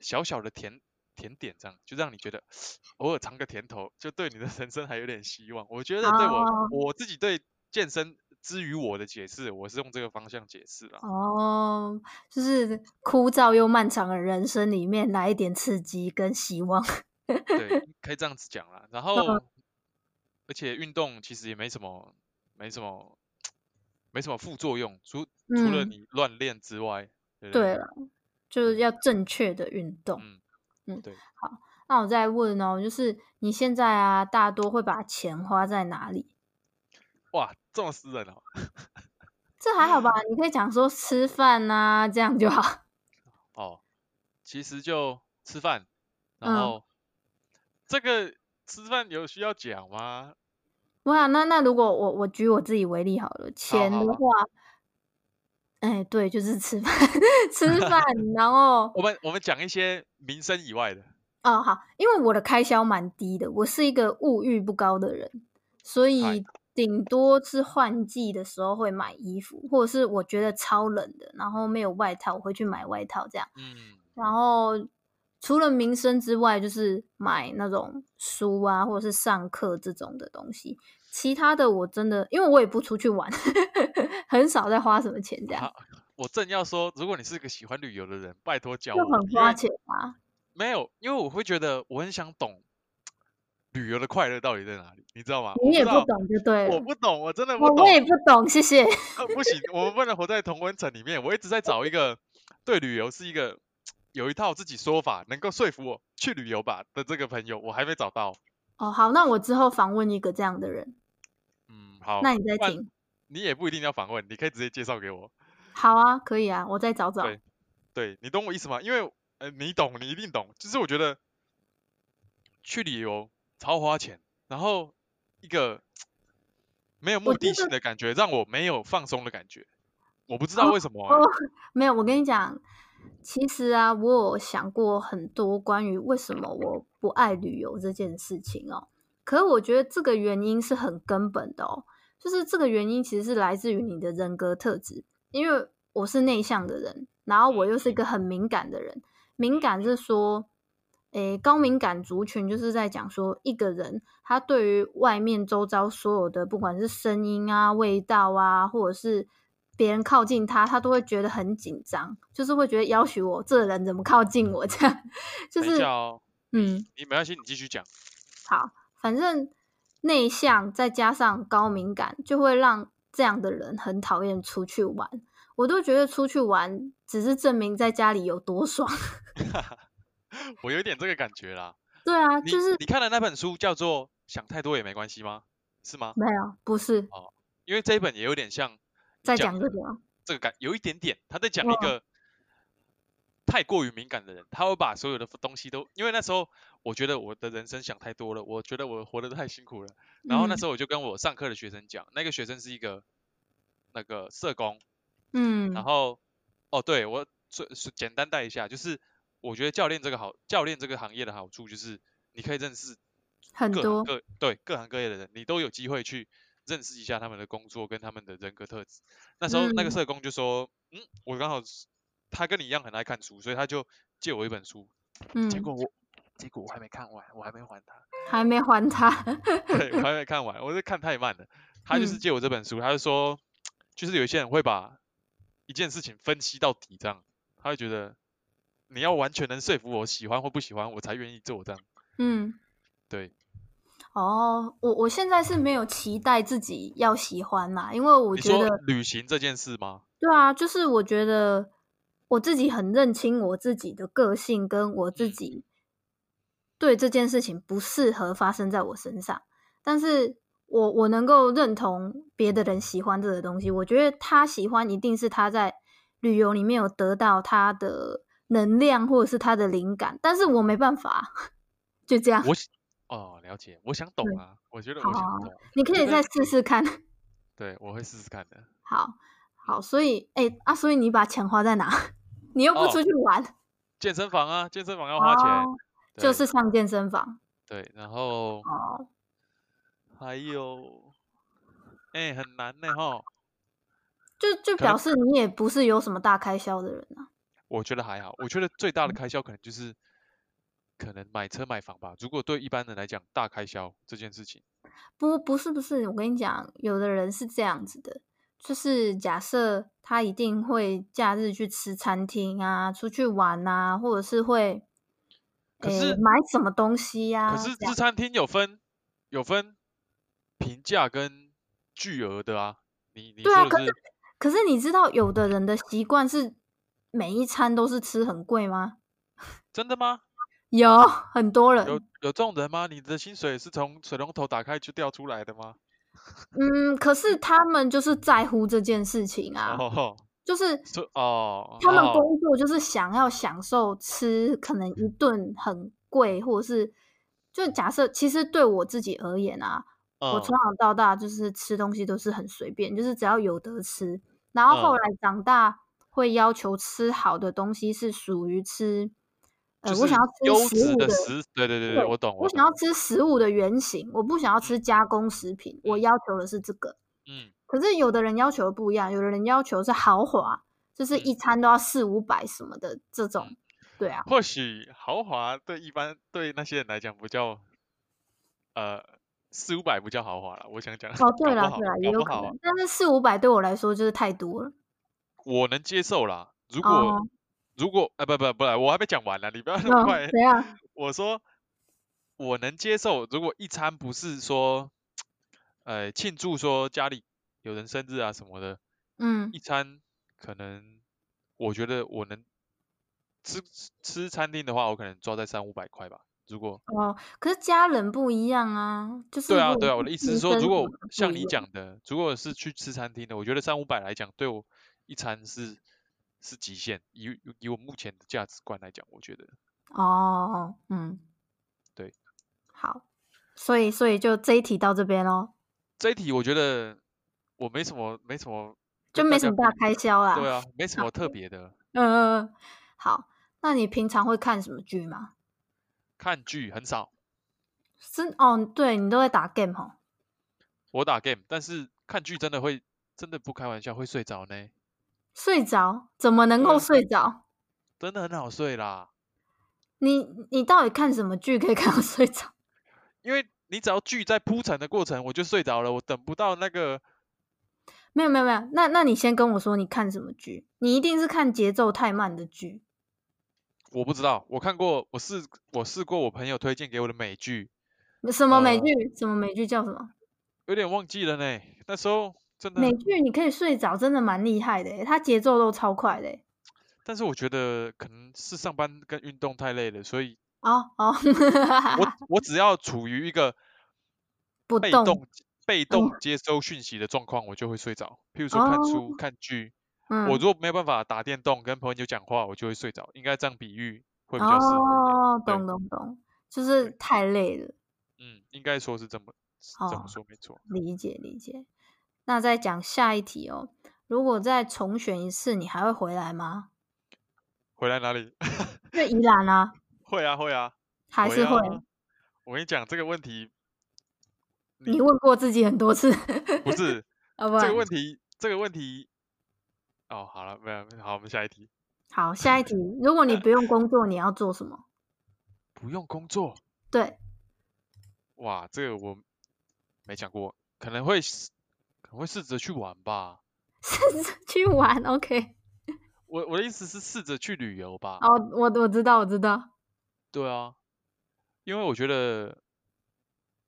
小小的甜。甜點這樣，就讓你覺得偶爾嘗個甜頭，就對你的人生還有點希望。我覺得對我，oh. 我自己對健身之於我的解釋，我是用這個方向解釋啦。哦，oh. 就是枯燥又漫長的人生裡面來一點刺激跟希望。 對，可以這樣子講啦。然後，oh. 而且運動其實也沒什麼，沒什麼，沒什麼副作用，除除了你亂練之外。對了，就是要正確的運動。嗯嗯，對，好，那我再問哦，就是你現在啊，大多會把錢花在哪裡？哇，這麼私人哦？ 這還好吧，你可以講說吃飯啊，這樣就好。哦，其實就吃飯，然後、嗯、這個吃飯有需要講嗎？哇，那那如果我我舉我自己為例好了，錢的話。哎，對，就是吃飯， 吃飯， 然後我們我們講一些民生以外的哦。好，因為我的開銷蠻低的，我是一個物欲不高的人，所以頂多是換季的時候會買衣服，或者是我覺得超冷的，然後沒有外套，我會去買外套這樣。嗯，然後除了民生之外，就是買那種書啊，或者是上課這種的東西。其他的我真的，因為我也不出去玩，呵呵，很少在花什麼錢這樣。啊，我正要說，如果你是一個喜歡旅遊的人，拜託教我。就很花錢嗎？欸？沒有，因為我會覺得我很想懂旅遊的快樂到底在哪裡，你知道嗎？你也不懂就對了。我我不懂，我真的不懂。我，我也不懂，謝謝。 啊，不行，我們不能活在同溫層裡面。我一直在找一個對旅遊是一個有一套自己說法，能夠說服我去旅遊吧的這個朋友，我還沒找到。哦，好，那我之後訪問一個這樣的人。好，那你再聽。你也不一定要訪問，你可以直接介紹給我。好啊，可以啊，我再找找。對，對，你懂我意思嗎？因為呃，你懂，你一定懂。就是我覺得去旅遊超花錢，然後一個沒有目的性的感覺，我覺得讓我沒有放鬆的感覺。我不知道為什麼啊。哦，沒有，我跟你講，其實啊，我有想過很多關於為什麼我不愛旅遊這件事情哦。可是我覺得這個原因是很根本的哦。就是這個原因，其實是來自於你的人格特質。因為我是內向的人，然後我又是一個很敏感的人。敏感是說，誒，高敏感族群就是在講說，一個人他對於外面周遭所有的，不管是聲音啊、味道啊，或者是別人靠近他，他都會覺得很緊張，就是會覺得要求我這個人怎麼靠近我這樣，就是嗯，你沒關係，你繼續講。好，反正。內向再加上高敏感，就會讓這樣的人很討厭出去玩。我都覺得出去玩只是證明在家裡有多爽。 我有點這個感覺啦。對啊，就是你，你看的那本書叫做《想太多也沒關係》嗎？是嗎？沒有，不是。哦，因為這一本也有點像在講一個點，這個感有一點點，他在講一個哇太過於敏感的人，他會把所有的東西都因為那時候。.我覺得我的人生想太多了，我覺得我活得太辛苦了。然後那時候我就跟我上課的學生講，嗯、那個學生是一個那個社工，嗯，然後哦，對，我簡單帶一下，就是我覺得教練這個好，教練這個行業的好處就是你可以認識很多各對各行各業的人，你都有機會去認識一下他們的工作跟他們的人格特質。那時候那個社工就說，嗯，嗯，我剛好他跟你一樣很愛看書，所以他就借我一本書，嗯、結果我。結果我還沒看完，我還沒還他，還沒還他， 對，我還沒看完，我是看太慢了。他就是借我這本書，嗯、他就說，就是有些人會把一件事情分析到底，這樣，他會覺得你要完全能說服我喜歡或不喜歡，我才願意做這樣。嗯，對。哦，我我現在是沒有期待自己要喜歡啦，因為我覺得旅行這件事嗎？對啊，就是我覺得我自己很認清我自己的個性跟我自己。對，這件事情不適合發生在我身上，但是我我能夠認同別的人喜歡這個東西。我覺得他喜歡一定是他在旅遊裡面有得到他的能量或者是他的靈感，但是我沒辦法，就這樣。我哦，了解。我想懂啊，對我覺得我想懂，啊。你可以再試試看。對，我會試試看的。好，好，所以哎，啊，所以你把錢花在哪？你又不出去玩？哦，健身房啊，健身房要花錢。就是上健身房。對，對，然後哦，還有，哎、欸，很難呢吼。就就表示你也不是有什麼大開銷的人啊。我覺得還好，我覺得最大的開銷可能就是可能買車買房吧。如果對一般人來講，大開銷這件事情，不不是不是，我跟你講，有的人是這樣子的，就是假設他一定會假日去吃餐廳啊，出去玩啊，或者是會。可是、欸、買什麼東西呀、啊？可是這餐廳有分樣有分平價跟巨額的啊！的對啊，可是可是你知道有的人的習慣是每一餐都是吃很貴嗎？真的嗎？ 有很多人有有這種人嗎？你的薪水是從水龍頭打開就掉出來的嗎？ 嗯，可是他們就是在乎這件事情啊。Oh. 就是哦，他們工作就是想要享受吃，可能一頓很貴，或者是就假設，其實對我自己而言啊，我從小到大就是吃東西都是很隨便，就是只要有得吃。然後後來長大會要求吃好的東西，是屬於吃呃，我想要吃食物的食，對對對對，我懂，我想要吃食物的原型，我不想要吃加工食品，我要求的是這個，嗯。可是有的人要求不一樣，有的人要求是豪華，就是一餐都要四五百什麼的這種。對啊，嗯、或許豪華對一般對那些人來講不叫，呃，四五百不叫豪華了。我想講哦，對了對了，也有可能，好啊、但是四五百對我來說就是太多了。我能接受啦，如果、啊、如果哎、呃、不不不，我還沒講完呢，你不要那麼快。啊、哦，我說我能接受，如果一餐不是說，呃，慶祝說家裡。有人生日啊什麼的，嗯，一餐可能我覺得我能吃吃餐廳的話，我可能抓在三五百塊吧。如果哦，可是家人不一樣啊，就是對啊對啊，我的意思是說，身體，如果像你講的，如果我是去吃餐廳的，我覺得三五百來講，對我一餐是是極限，以以我目前的價值觀來講，我覺得哦，嗯，對，好，所以所以就這一題到這邊嘍。這一題我覺得。我沒什麼，沒什麼，就沒什麼大開銷啦。對啊，沒什麼特別的。嗯、啊，嗯、呃、好，那你平常會看什麼劇嗎？看劇很少。是哦，對你都在打 game 哈、哦。我打 game，但是看劇真的會，真的不開玩笑會睡着呢。睡着？怎麼能夠睡着？嗯、真的很好睡啦。你你到底看什麼劇可以看到睡着？因為你只要劇在鋪陳的過程，我就睡着了。我等不到那個。沒有沒有沒有，那那你先跟我說你看什麼劇？你一定是看節奏太慢的劇。我不知道，我看過，我試我試過我朋友推薦給我的美劇。什麼美劇？呃、什麼美劇叫什麼？有點忘記了呢。那時候真的美劇，你可以睡着，真的蠻厲害的。它節奏都超快的。但是我覺得可能是上班跟運動太累了，所以。哦哦，哦 我我只要處於一個被動。不動。被動接收訊息的狀況，嗯、我就會睡着。譬如說看書、看劇，我如果沒有辦法打電動、跟朋友講話，我就會睡着。應該這樣比喻會比較適合。哦，懂懂懂，就是太累了。嗯，應該說是這麼、哦、怎麼說沒錯。理解理解。那再講下一題哦，如果再重選一次，你還會回來嗎？回來哪裡？在 宜蘭啊，啊。會啊會啊，還是會、啊。我跟你講這個問題。你，你問過自己很多次，不是？ 這個問題，這個問題，哦，好了，沒有，好，我們下一題。好，下一題，如果你不用工作， 你要做什麼？不用工作？對。哇，這個我沒講過，可能會試，可能會試着去玩吧。試着 去玩？OK。我我的意思是試着去旅遊吧。哦，oh，我我知道，我知道。對啊，因為我覺得。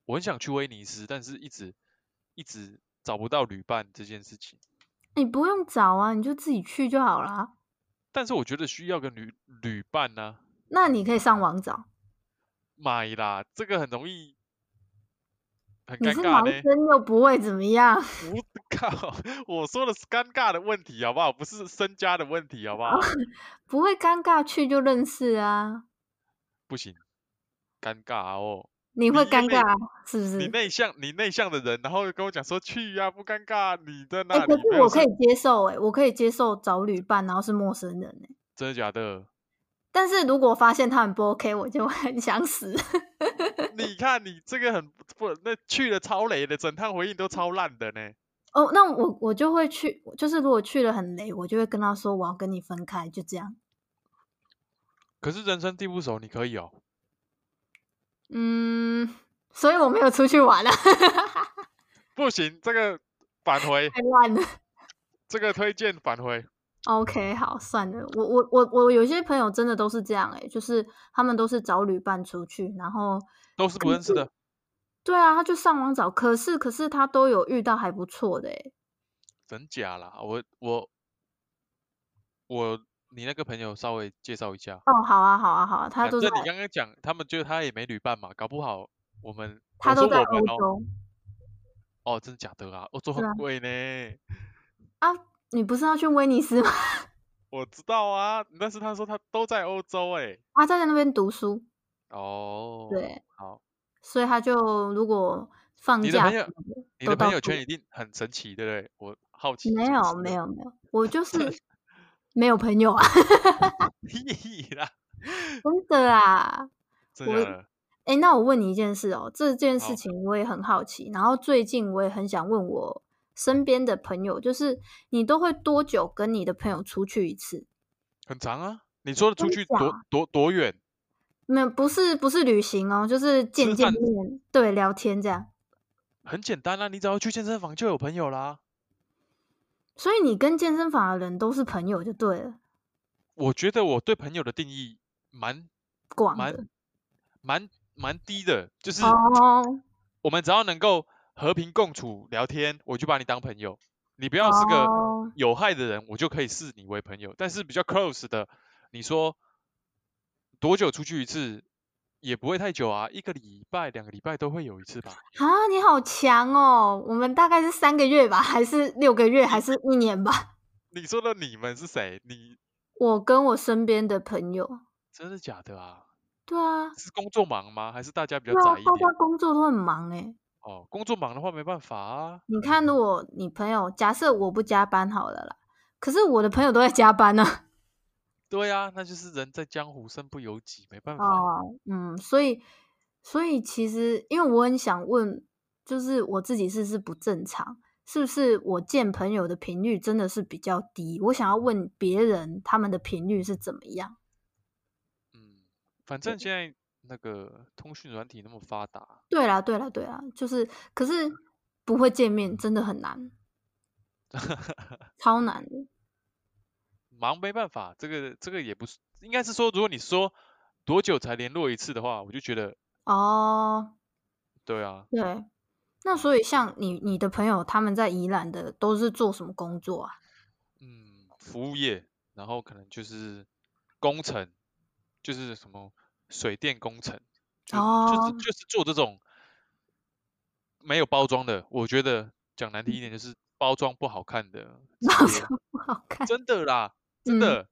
我很想去威尼斯，但是一直一直找不到旅伴這件事情。你不用找啊，你就自己去就好啦。但是我覺得需要個女旅伴啊。那你可以上網找。買啦，這個很容易很，很尷尬呢。你是盲僧又不會怎麼樣。我靠！我說的是尷尬的問題，好不好？不是身家的問題，好不好？好不會尷尬，去就認識啊。不行，尷尬、啊、哦。你會尷尬，內是不是？你內向，你內向的人，然後跟我講說去呀、啊，不尷尬，你的那裡……哎、欸，可是我可以接受、欸，我可以接受找旅伴，然後是陌生人、欸，真的假的？但是如果發現他很不 OK，我就很想死。 你看，你這個很不，那去了超雷的，整趟回應都超爛的呢、欸。哦，那我我就會去，就是如果去了很雷，我就會跟他說我要跟你分開，就這樣。可是人生地不熟，你可以哦。嗯，所以我沒有出去玩了 不行，這個返回太亂了。這個推薦返回。OK，好，算了。我我我我有些朋友真的都是這樣欸，就是他們都是找旅伴出去，然後都是不認識的。對啊，他就上網找，可是可是他都有遇到還不錯的欸。真假啦？我我我。我你那個朋友稍微介紹一下哦，好啊，好啊，好，他都在。你剛剛講，他們就他也沒旅伴嘛，搞不好我們他都在歐洲。哦，真的假的啊？歐洲很貴呢。啊，你不是要去威尼斯嗎？我知道啊，但是他說他都在歐洲誒。他在在那邊讀書。哦，對，好，所以他就如果放假，你的朋友圈一定很神奇，對不對？我好奇。沒有，沒有，沒有，我就是。沒有朋友啊，哈哈哈哈哈！真的啊，的我哎、欸，那我問你一件事哦，這件事情我也很好奇，好，然後最近我也很想問我身邊的朋友，就是你都會多久跟你的朋友出去一次？很長啊，你說出去多假多多遠？沒有，不是不是旅行哦，就是見見面，汗對，聊天這樣。很簡單啊，你只要去健身房就有朋友啦。所以你跟健身房的人都是朋友就對了。我覺得我對朋友的定義蠻廣的，蠻蠻低的，就是、oh. 我們只要能夠和平共處、聊天，我就把你當朋友。你不要是個有害的人，我就可以視你為朋友。但是比較 close 的，你說多久出去一次？也不會太久啊，一個禮拜、兩個禮拜都會有一次吧。啊，你好強哦、喔！我們大概是三個月吧，還是六個月，還是一年吧？ 你說的你們是誰？你。我跟我身邊的朋友。真的假的啊？對啊。是工作忙嗎？還是大家比較宅一點？大家工作都很忙哎、欸。哦，工作忙的話沒辦法啊。嗯、你看，如果你朋友假設我不加班好了啦，可是我的朋友都在加班呢、啊。對啊，那就是人在江湖，身不由己，沒辦法。哦啊，嗯，所以，所以其實，因為我很想問，就是我自己是不是不正常？是不是我見朋友的頻率真的是比較低？我想要問別人，他們的頻率是怎麼樣？嗯，反正現在那個通訊軟體那麼發達，對，對啦，對啦，對啦，就是，可是不會見面，真的很難， 超難。忙沒辦法，這個這個也不是，應該是說，如果你說多久才聯絡一次的話，我就覺得哦，對啊，對，那所以像你你的朋友他們在宜蘭的都是做什麼工作啊？嗯，服務業，然後可能就是工程，就是什麼水電工程，哦，就就是就是做這種沒有包裝的，我覺得講難聽一點就是包裝不好看的，包裝 不好看，真的啦。真的，嗯、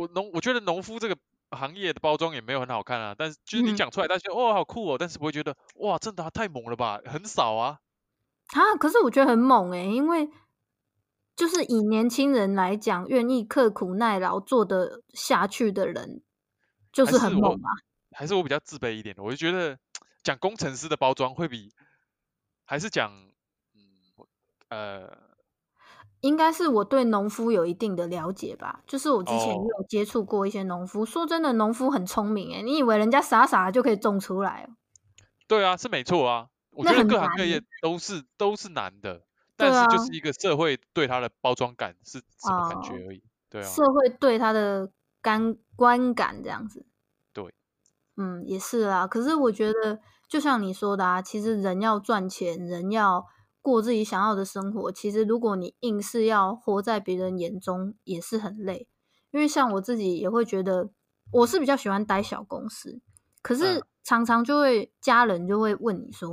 我農我覺得農夫這個行業的包裝也沒有很好看啊，但是就是你講出來，大家、嗯、哦好酷哦，但是不會覺得哇真的太猛了吧，很少啊。啊，可是我覺得很猛誒、欸，因為就是以年輕人來講，願意刻苦耐勞做得下去的人，就是很猛嘛、啊。還是我比較自卑一點的，我就覺得講工程師的包裝會比，還是講嗯呃。應該是我對農夫有一定的了解吧，就是我之前也有接觸過一些農夫。哦、說真的，農夫很聰明哎，你以為人家傻傻的就可以種出來？對啊，是沒錯啊。我覺得各行各業都是難都是難的，但是就是一個社會對他的包裝感是什麼感覺而已。哦、對啊，社會對他的幹觀感這樣子。對，嗯，也是啊。可是我覺得，就像你說的啊，其實人要賺錢，人要。過自己想要的生活，其實如果你硬是要活在別人眼中，也是很累。因為像我自己也會覺得，我是比較喜歡呆小公司，可是常常就會家人就會問你說：“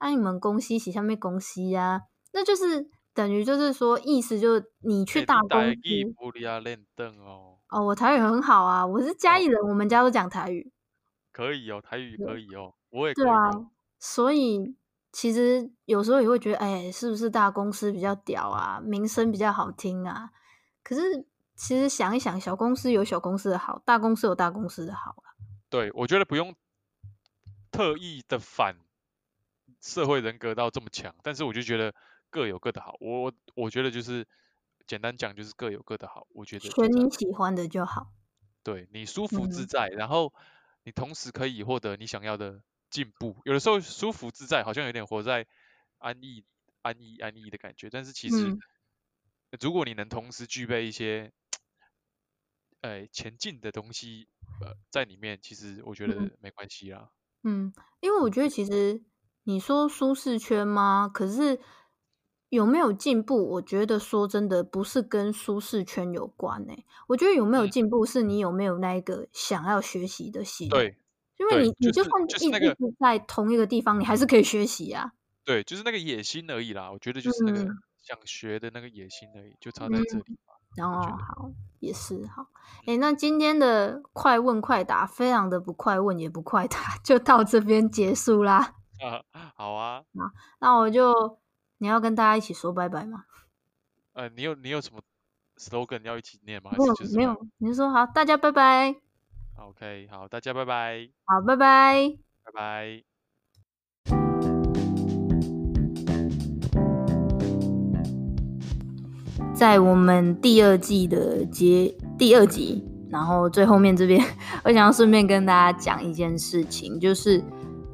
那、嗯啊、你們公司旗下面公司呀、啊？”那就是等於就是說意思就是你去大公司。練凳、欸、哦哦，我台語很好啊，我是嘉義人，哦、我們家都講台語。可以哦，台語可以哦，對我也可以，啊對啊。所以。其實有時候也會覺得，哎，是不是大公司比較屌啊，名聲比較好聽啊？可是其實想一想，小公司有小公司的好，大公司有大公司的好啊。對，我覺得不用特意的反社會人格到這麼強，但是我就覺得各有各的好。我我覺得就是簡單講，就是各有各的好。我覺得選你喜歡的就好。對，你舒服自在，嗯，然後你同時可以獲得你想要的。進步，有的時候舒服自在，好像有點活在安逸、安逸、安逸的感覺。但是其實，嗯、如果你能同時具備一些呃前進的東西呃在裡面，其實我覺得沒關係啦嗯。嗯，因為我覺得其實你說舒適圈嗎？可是有沒有進步？我覺得說真的，不是跟舒適圈有關呢、欸。我覺得有沒有進步，是你有沒有那一個想要學習的心、嗯。對。因為你，就是，你就算一直在同一個地方，那個，你還是可以學習啊。對，就是那個野心而已啦。我覺得就是那個想學的那個野心而已，嗯、就差在這裡。然後、嗯哦、好，也是好。哎，那今天的快問快答，嗯、非常的不快問也不快答，就到這邊結束啦。呃、好啊。那那我就你要跟大家一起說拜拜嗎？呃，你有你有什麼 slogan 要一起念嗎？沒有，沒有，你就說好，大家拜拜。OK，好，大家拜拜。好，拜拜。拜拜。在我們第二季的節，第二集，然後最後面這邊，我想要順便跟大家講一件事情，就是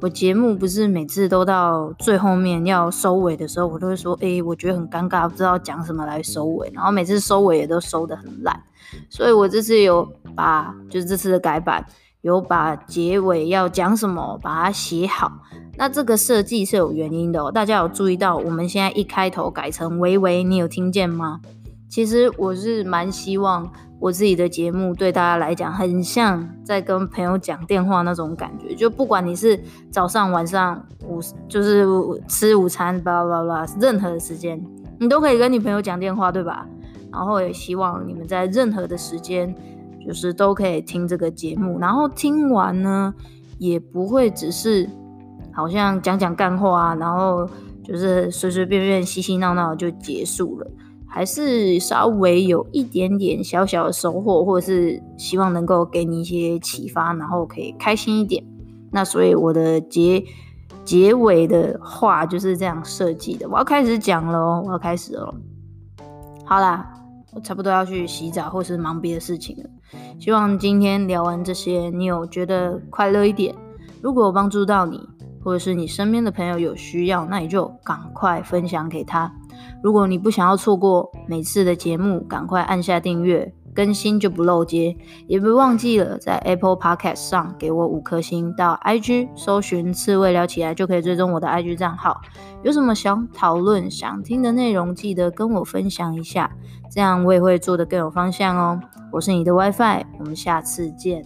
我節目不是每次都到最後面要收尾的時候，我都會說，哎、欸，我覺得很尷尬，不知道講什麼來收尾，然後每次收尾也都收得很爛。所以，我這次有把，就是這次的改版，有把結尾要講什麼，把它寫好。那這個設計是有原因的哦。大家有注意到，我們現在一開頭改成“喂喂，你有聽見嗎？”其實我是蠻希望我自己的節目對大家來講，很像在跟朋友講電話那種感覺。就不管你是早上、晚上、午，就是吃午餐，巴拉巴拉，任何的時間，你都可以跟你朋友講電話，對吧？然後也希望你們在任何的時間，就是都可以聽這個節目。然後聽完呢，也不會只是好像講講幹話啊，然後就是隨隨便便嘻嘻鬧鬧就結束了，還是稍微有一點點小小的收穫，或者是希望能夠給你一些啟發，然後可以開心一點。那所以我的結結尾的話就是這樣設計的。我要開始講了，我要開始嘍。好啦。我差不多要去洗澡，或是忙別的事情了。希望今天聊完這些，你有覺得快樂一點。如果我幫助到你，或者是你身邊的朋友有需要，那你就趕快分享給他。如果你不想要錯過每次的節目，趕快按下訂閱，更新就不漏接。也不忘記了在 Apple Podcast 上給我五顆星，到 IG 搜尋“刺蝟聊起來”就可以追蹤我的 IG 賬號。有什麼想討論、想聽的內容，記得跟我分享一下。這樣我也會做得更有方向哦。我是你的 WiFi，我們下次見。